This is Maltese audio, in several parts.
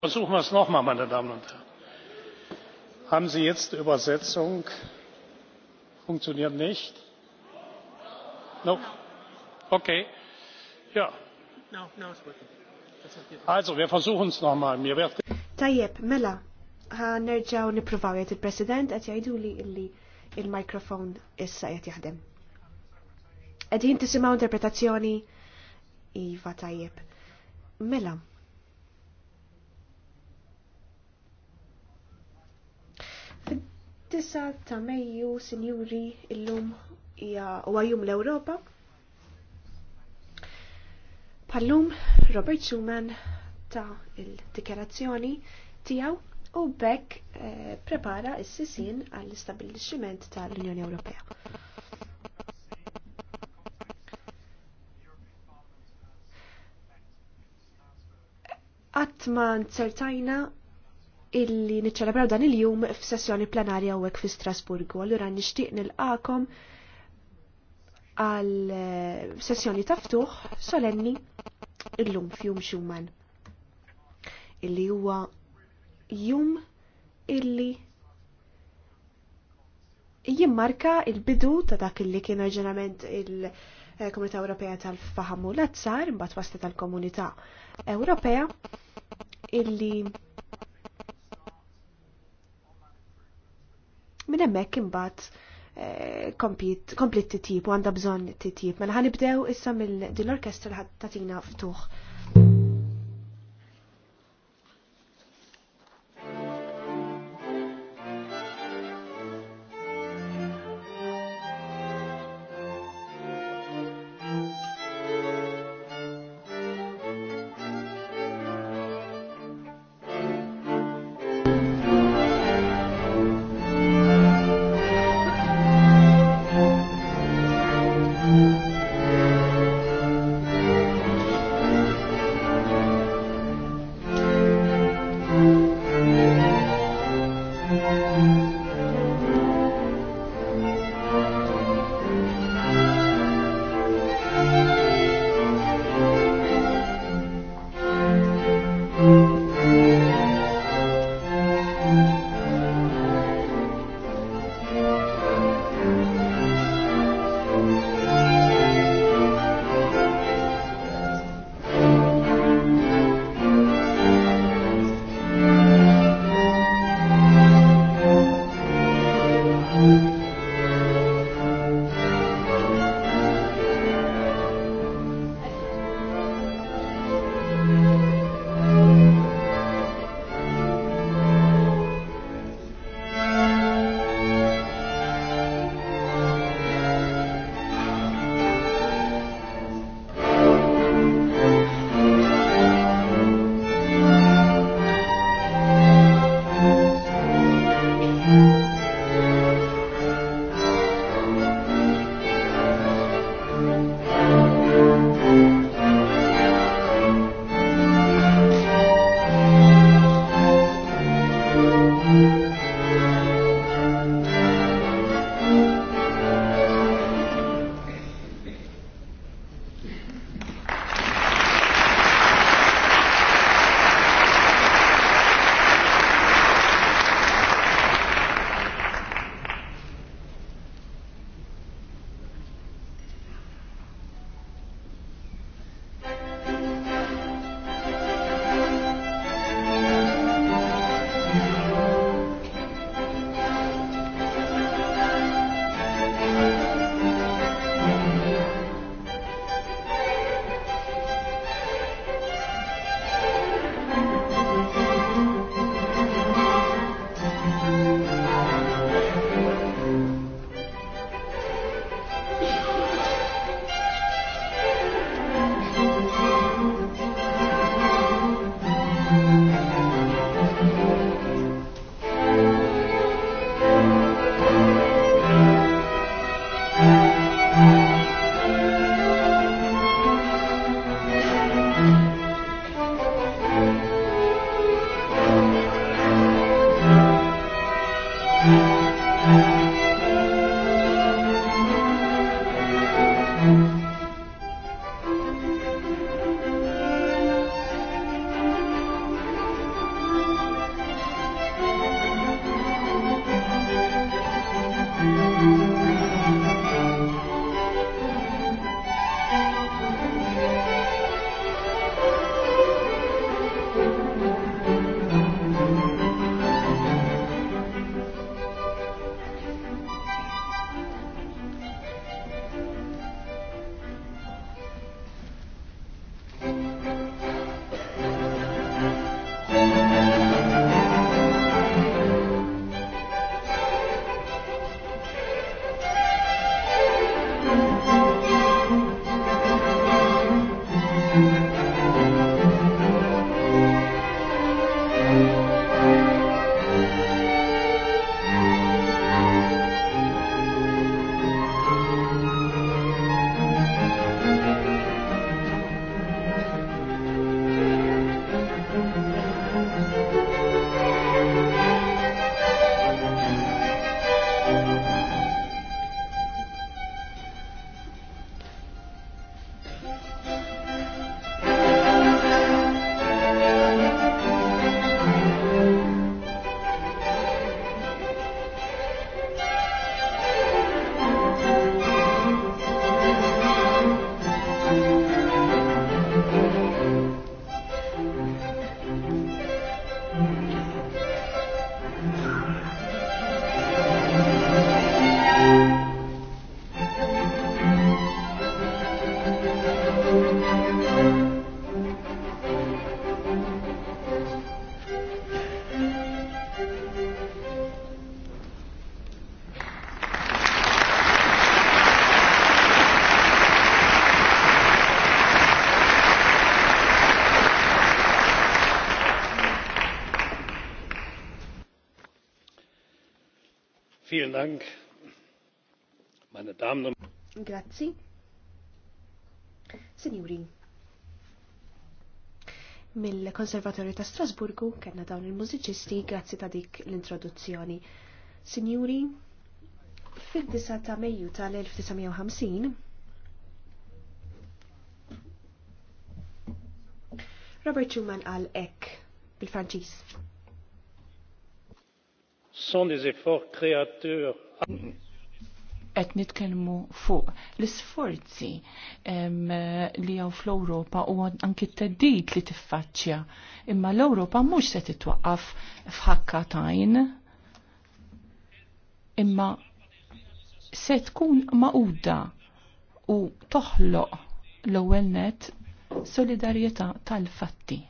versuchen wir es noch einmal meine damen und herren. haben sie jetzt übersetzung? funktioniert nicht? No. okay. Ja. also wir versuchen es noch einmal. mir wird. tajjeb mela nerġgħu nippruvaw jgħid il-President qed jgħiduli illi il-mikrofon issa qed jaħdem. Qegħdin tisimgħu interpretazzjoni iva tajjeb. Mela, Tisa ta' Mejju, Sinjuri, illum hija u għajum l-Ewropa. Pallum Robert Schumann ta' il dikarazzjoni tiegħu u bekk eh, prepara s-sisin għall-istabilixximent tal-Unjoni Ewropea. Għatman nsertajna illi niċċelebraw dan il-jum f'sessjoni plenarja u fi Strasburgu. Allura nixtieq nilqakom għal eh, sessjoni taftuħ solenni illum f'jum xuman. Illi huwa jum illi jimmarka il-bidu ta' dak illi kienu ġenament il-Komunità Ewropea tal-Faħam u l-Azzar, imbagħad wasta tal-Komunità Ewropea illi minn hemmhekk imbagħad eh, komplit titjib u għandha bżonn titjib. Mela ħanibdew issa mill din l-orkestra ħadd tatina ftuħ. Vielen Dank, meine Damen und Grazzi. Signori, mill-Konservatorju ta' Strasburgu kellna dawn il-mużiċisti grazzi ta' dik l-introduzzjoni. Signori, fil-9 ta' Mejju tal-1950 Robert Schumann għal ek bil-Franċiż sont des efforts créateurs qed nitkellmu fuq l-isforzi li jew fl-Ewropa u anki t teddit li tiffaċċja. Imma l-Ewropa mhux se t-twaqqaf f'ħakka tajn. Imma se tkun maquda u toħloq l-ewwel net solidarjetà tal-fatti.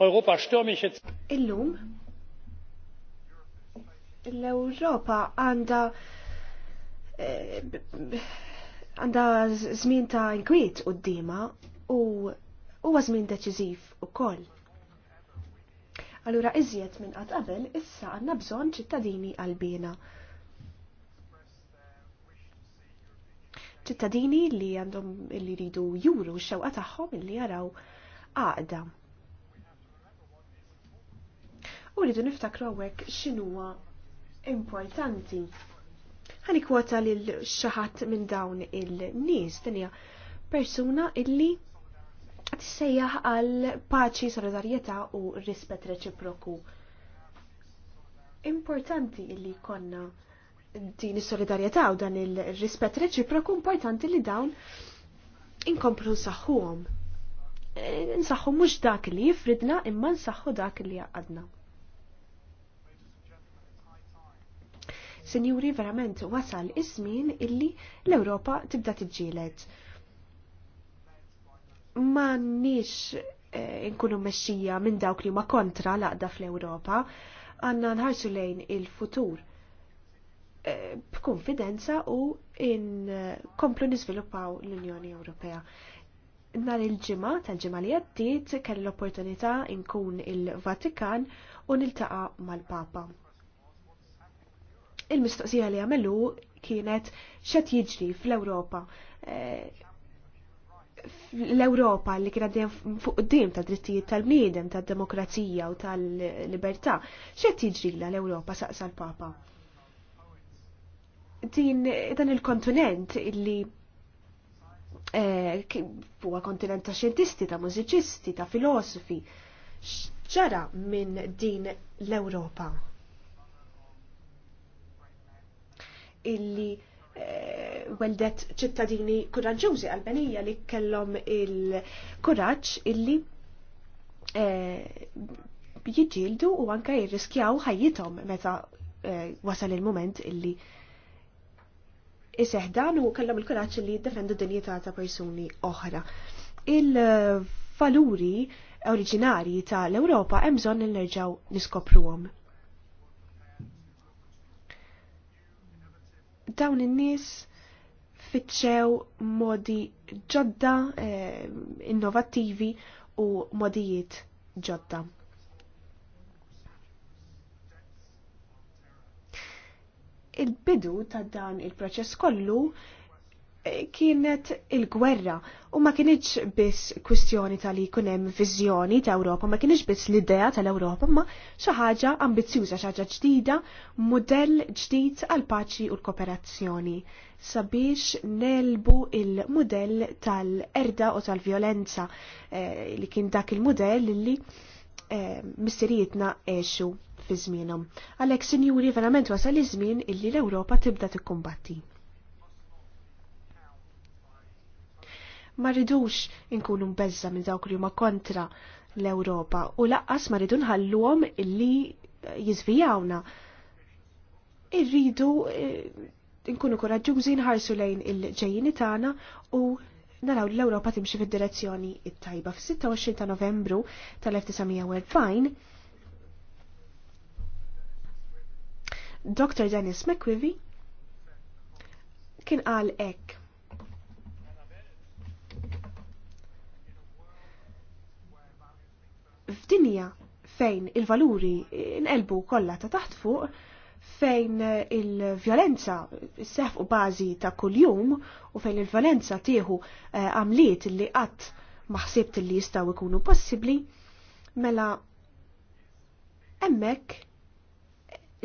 Europa stürmische Illum l-Ewropa għandha eh, għandha żmien ta' inkwiet d-dima u huwa żmien deċiżiv ukoll. Allura iżjed minn qatt qabel issa għandna bżonn ċittadini għalbina. ċittadini li għandhom li jridu juru x-xewqa tagħhom li jaraw għaqda u rridu niftakru għawek xinuwa importanti. Għani kwota li l-xaħat minn dawn il-nis, dinja persuna illi tissejjaħ għal paċi, solidarieta u rispet reċiproku. Importanti illi konna din is-solidarjetà u dan il-rispett reċiproku importanti li dawn inkomplu nsaħħuhom. Eh, nsaħħu mhux dak li jifridna imma nsaħħu dak li jaqadna. Sinjuri, verament wasal iż-żmien illi l-Ewropa tibda tġilet. Ma nix eh, nkunu meċxija minn dawk li ma kontra laqda fl-Ewropa, għanna nħarsu lejn il-futur eh, b'konfidenza u in eh, komplu niżviluppaw l-Unjoni Ewropea. Nar il-ġimgħa tal-ġimgħa li għaddiet kell l-opportunità nkun il-Vatikan u niltaqa' mal-Papa. Il-mistoqsija li għamellu kienet xat jiġri fl-Ewropa. Eh, L-Ewropa li kienet għaddim fuq d-dim ta' drittijiet tal-bniedem, tad-demokrazija u tal-libertà, xat jiġri l-Ewropa saqsa l-Papa. Din dan il-kontinent illi eh, huwa kontinent ta' xjentisti, ta' mużiċisti, ta' filosofi, ċara minn din l-Ewropa. illi eh, weldet ċittadini kuraġġużi Albanija li kellhom il-kuraġġ illi eh, jiġġieldu u anke jirriskjaw ħajjithom meta eh, wasal il-moment illi iseħdan u kellhom il-kuraġġ illi jiddefendu dinjità ta' persuni oħra. Il-valuri oriġinari tal-Ewropa hemm bżonn nerġgħu niskopruhom. dawn in-nies fitxew modi ġodda eh, innovattivi u modijiet ġodda. Il-bidu ta' dan il-proċess kollu kienet il-gwerra u ma kienieċ biss kwistjoni tal li hemm viżjoni ta' Ewropa, ma kienieċ biss l-idea tal-Ewropa, ma xi ħaġa xaħġa xi ħaġa ġdida, mudell ġdid għal paċi u l-kooperazzjoni sabiex nelbu il model tal-erda u tal-vjolenza eh, li kien dak il-mudell li eh, missirietna eċu fi żmienhom. Għalhekk sinjuri verament wasal iż-żmien illi l-Ewropa tibda tikkumbatti. ma ridux inkunu mbezza minn dawk li huma kontra l-Ewropa u laqqas ma ridu nħalluhom illi eh, jizvijawna. Irridu eh, inkunu koraġġużi nħarsu lejn il-ġejjini tagħna u naraw li l-Ewropa timxi fid-direzzjoni it-tajba. Fis-26 ta' Novembru tal-1940 Dr. Dennis McQuivy kien qal hekk F'dinja fejn il-valuri nqelbu kollha ta' taħt fuq, fejn il-violenza sef u bażi ta' kuljum u fejn il-violenza tieħu eh, għamliet li qatt maħsib li jistaw ikunu possibli, mela emmek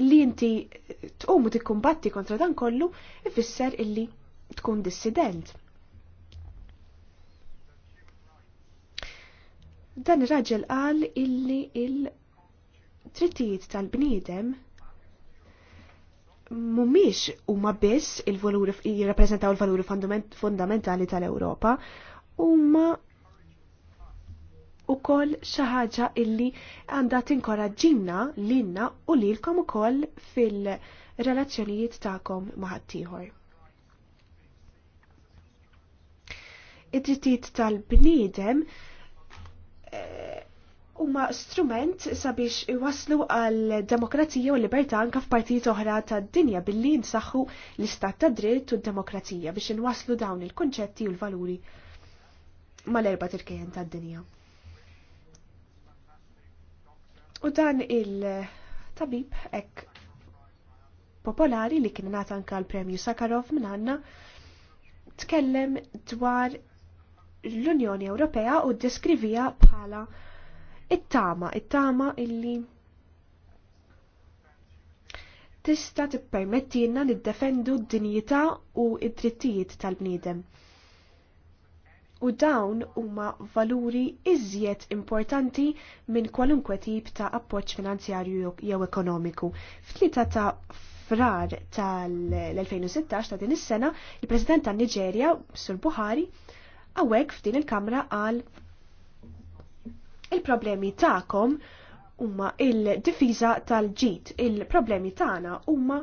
li inti tqumu tikkumbatti kontra dan kollu ifisser illi tkun dissident. Dan ir-raġel qal illi il-trittijiet tal-bniedem mumiex huma biss il-valuri jirrappreżentaw il-valuri fundamentali tal-Ewropa, huma u xi ħaġa illi għandha tinkoraġġinna lilna u lilkom ukoll fil-relazzjonijiet ta'kom ma' ħaddieħor. Id-drittijiet tal-bniedem Eh, huma strument sabiex iwaslu għal demokrazija u libertà anka f'partijiet oħra tad-dinja billi nsaħħu l-istat ta' dritt u d-demokrazija biex inwaslu dawn il-konċetti u l-valuri mal-erba tirkejjen tad-dinja. U dan il-tabib ek popolari li kien nata anka l-premju Sakharov minn għanna tkellem dwar l-Unjoni Ewropea u ddeskrivija bħala it-tama, it-tama illi tista tippermettilna defendu d-dinjità u id-drittijiet tal-bniedem. U dawn huma valuri iżjed importanti minn kwalunkwe tip ta' appoġġ finanzjarju jew ekonomiku. F'tlieta ta' frar tal-2016 ta' din is-sena, il-President tan-Niġerja, Sur Buhari, għawek f'din il-kamra għal il-problemi ta'kom huma il-difiża tal-ġit, il-problemi tagħna huma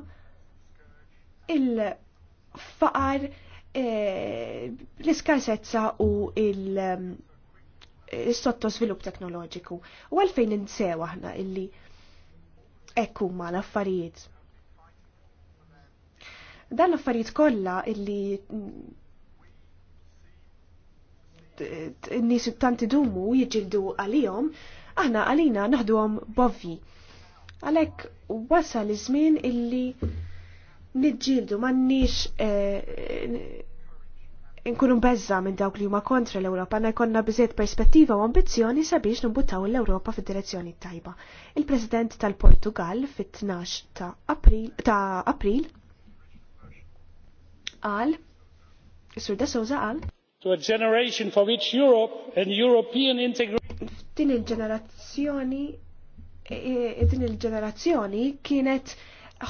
il-faqar eh, l-iskarsezza u il-sottosvilupp eh, teknoloġiku. U għalfejn insew aħna illi ekk huma l-affarijiet. Dan l-affarijiet kollha illi n-nies tanti dumu jiġildu għalihom, aħna għalina naħduhom bovji. Għalhekk wasal iż-żmien illi niġġieldu m'għandniex eh, nkunu bezza minn dawk li huma kontra l-Ewropa na jkollna biżiet perspettiva u ambizzjoni sabiex nbuttaw l-Ewropa fid-direzzjoni tajba. Il-President tal-Portugal fit-12 ta' April ta' April qal Sur da Souza qal to a generation for which Europe and European integration din il-ġenerazzjoni e, e, din il-ġenerazzjoni kienet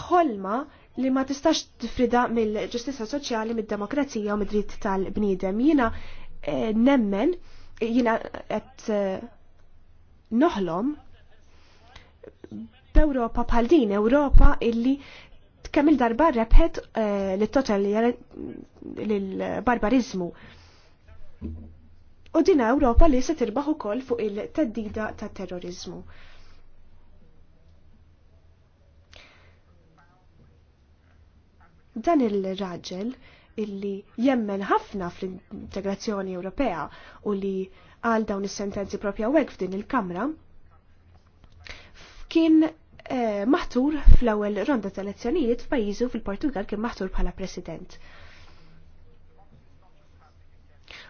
ħolma li ma tistax tifrida mill-ġustizza soċjali, mid-demokrazija u mid-dritt tal-bniedem. Jina e, nemmen, jina qed noħlom b'Ewropa bħal din, Ewropa illi kemm il-darba rebħet l-total l-barbarizmu. U din Ewropa li se tirbaħ ukoll fuq il-teddida ta' terrorizmu. Dan il-raġel illi jemmen ħafna fl-integrazzjoni Ewropea u li għal dawn is-sentenzi propja weg f'din il-Kamra, kien eh, maħtur fl-ewwel ronda tal-elezzjonijiet f'pajjiżu fil-Portugal kien maħtur bħala President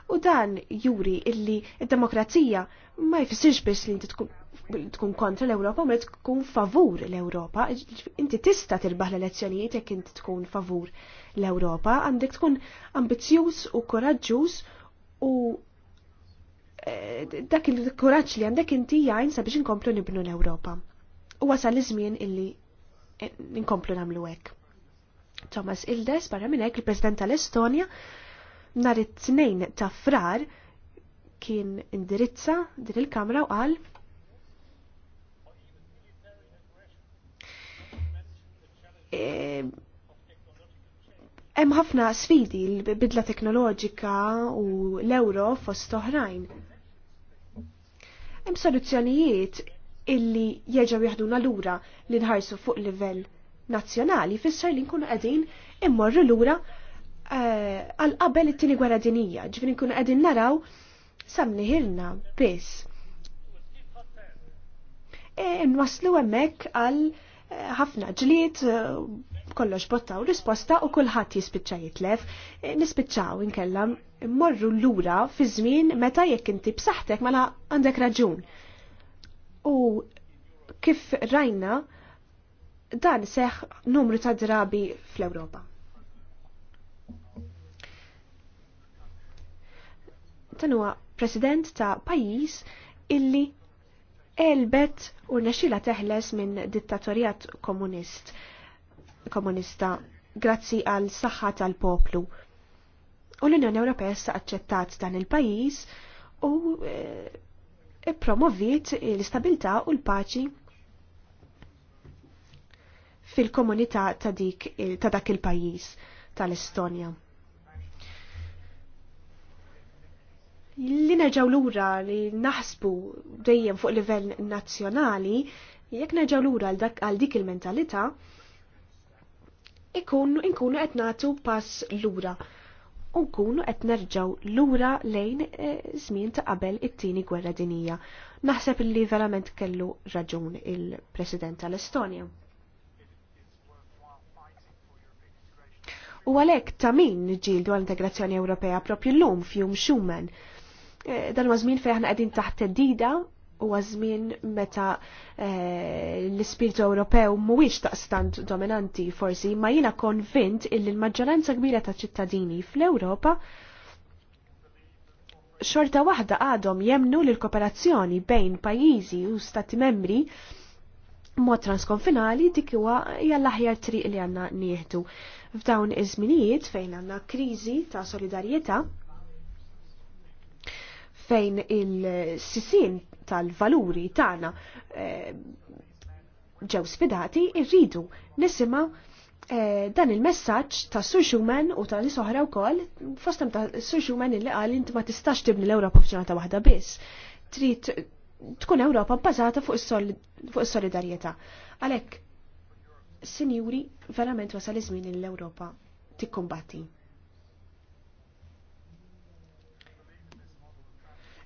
u dan juri illi id-demokrazija ma jfissirx biex li inti tkun kontra l-Ewropa u tkun favur l-Ewropa. Inti tista' tirbaħ l-elezzjonijiet jekk inti tkun favur l-Ewropa, għandek tkun ambizjuż u koraġġuż u e, dak il-kuraġġ li għandek inti jgħin sabiex inkomplu nibnu l-Ewropa. U wasal iż-żmien illi e, inkomplu nagħmlu hekk. Thomas Ildes barra minn hekk il-President tal-Estonja Nar it-tnejn ta' frar kien indirizza din il-kamra u qal e, Hemm ħafna sfidi l-bidla teknoloġika u l-euro fost oħrajn. Hemm soluzzjonijiet illi jeġgħu jaħduna lura li nħarsu fuq livell nazzjonali fisser li nkunu qegħdin immorru lura Eh, għal qabel it-tieni gwara dinija, ġifieri nkunu qegħdin naraw samni ħirna biss. E, nwaslu hemmhekk għal eh, ħafna ġlied eh, kollox bottaw risposta u kulħadd jispicċa jitlef, nispiċċaw inkellam morru lura fi żmien meta jekk inti b'saħħtek mela għandek raġun. U kif rajna dan seħ numru ta' drabi fl-Ewropa. dan huwa president ta' pajjiż illi elbet u nexila teħles minn dittatorijat komunist komunista grazzi għal saħħa tal-poplu. U l-Unjoni Ewropea issa aċċettat dan il-pajjiż u e, eh, promovit l-istabilità u l-paċi fil-komunità ta' dik ta' dak il-pajjiż tal-Estonja. li nerġaw lura li naħsbu dejjem fuq livell nazzjonali, jekk nerġaw lura għal dik il-mentalità, ikunu inkunu qed nagħtu pass lura. U nkunu qed nerġgħu lura lejn eh, żmien ta' qabel it-tieni gwerra dinija. Naħseb li verament kellu raġun il-President tal-Estonja. U għalhekk ta' min ġildu għall-integrazzjoni Ewropea propju llum fjum Schumann Eh, dan huwa fejn aħna qegħdin taħt teddida u għazmin meta eh, l-ispirtu Ewropew mhuwiex taqstant dominanti forsi, ma jiena konvint illi l-maġġoranza kbira ta' ċittadini fl-Ewropa xorta waħda għadhom jemnu l kooperazzjoni bejn pajjiżi u stati membri mod transkonfinali dik huwa hija l-aħjar triq li għandna nieħdu. F'dawn iż-żminijiet fejn għandna kriżi ta' solidarjetà fejn il-sisin tal-valuri tagħna eh, ġew sfidati irridu nisima eh, dan il-messaġġ ta' Sur u ta' nisoħra u wkoll fostem ta' Sur il-li qal inti ma tistax tibni l-Ewropa f'ġurnata waħda biss. Trid tkun Ewropa bbażata fuq is-solidarjetà. Għalhekk, sinjuri, verament wasal iż-żmien l-Ewropa tikkumbatti.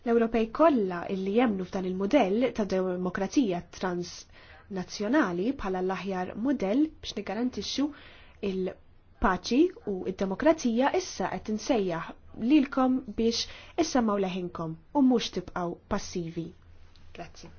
L-Ewropej kollha illi jemnu f'dan il-modell ta' demokrazija transnazzjonali bħala l-aħjar modell biex nigarantixxu il-paċi u id-demokrazija issa qed insejjaħ lilkom biex issammaw leħinkom u mhux tibqgħu passivi. Grazzi.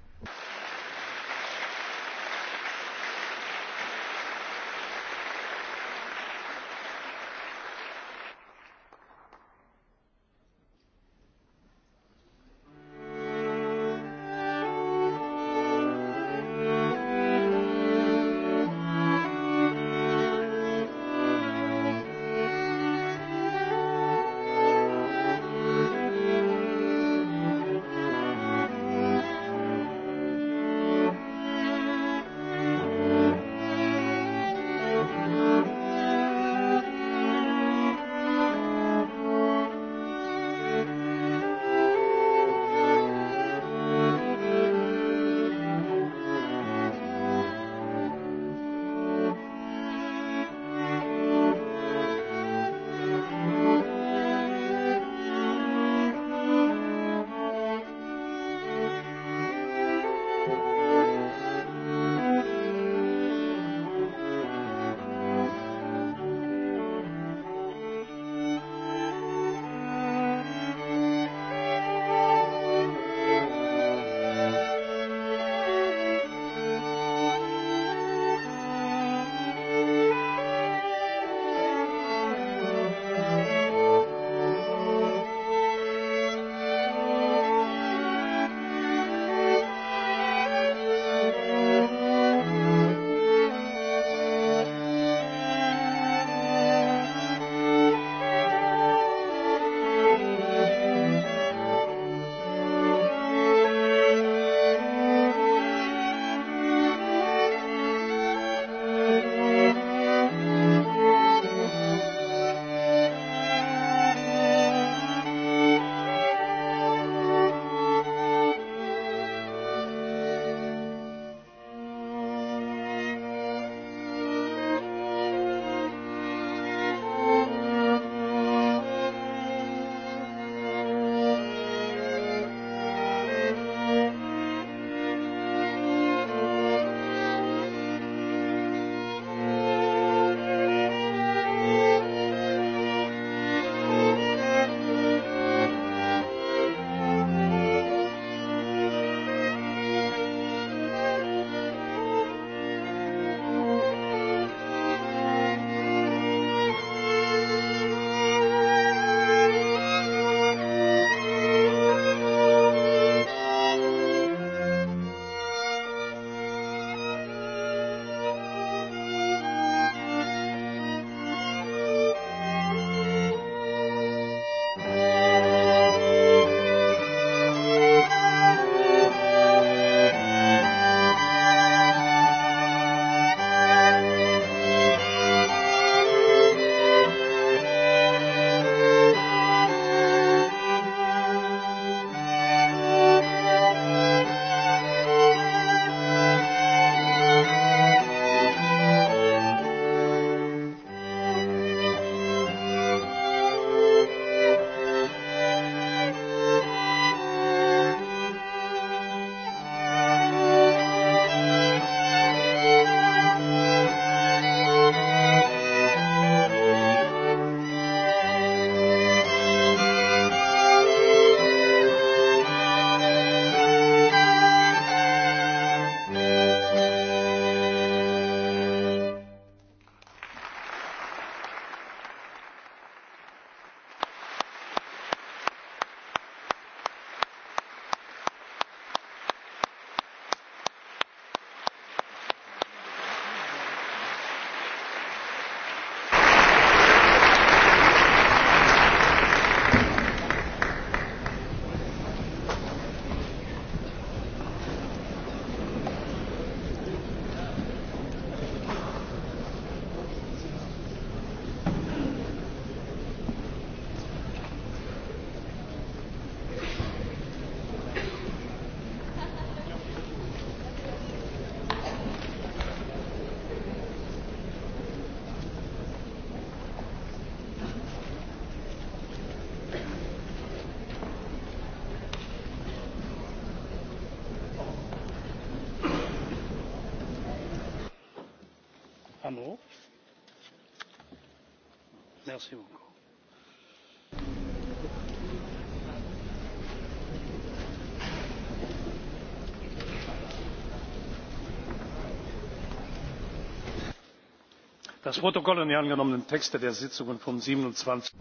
das protokoll und die angenommenen texte der sitzungen vom. siebenundzwanzig.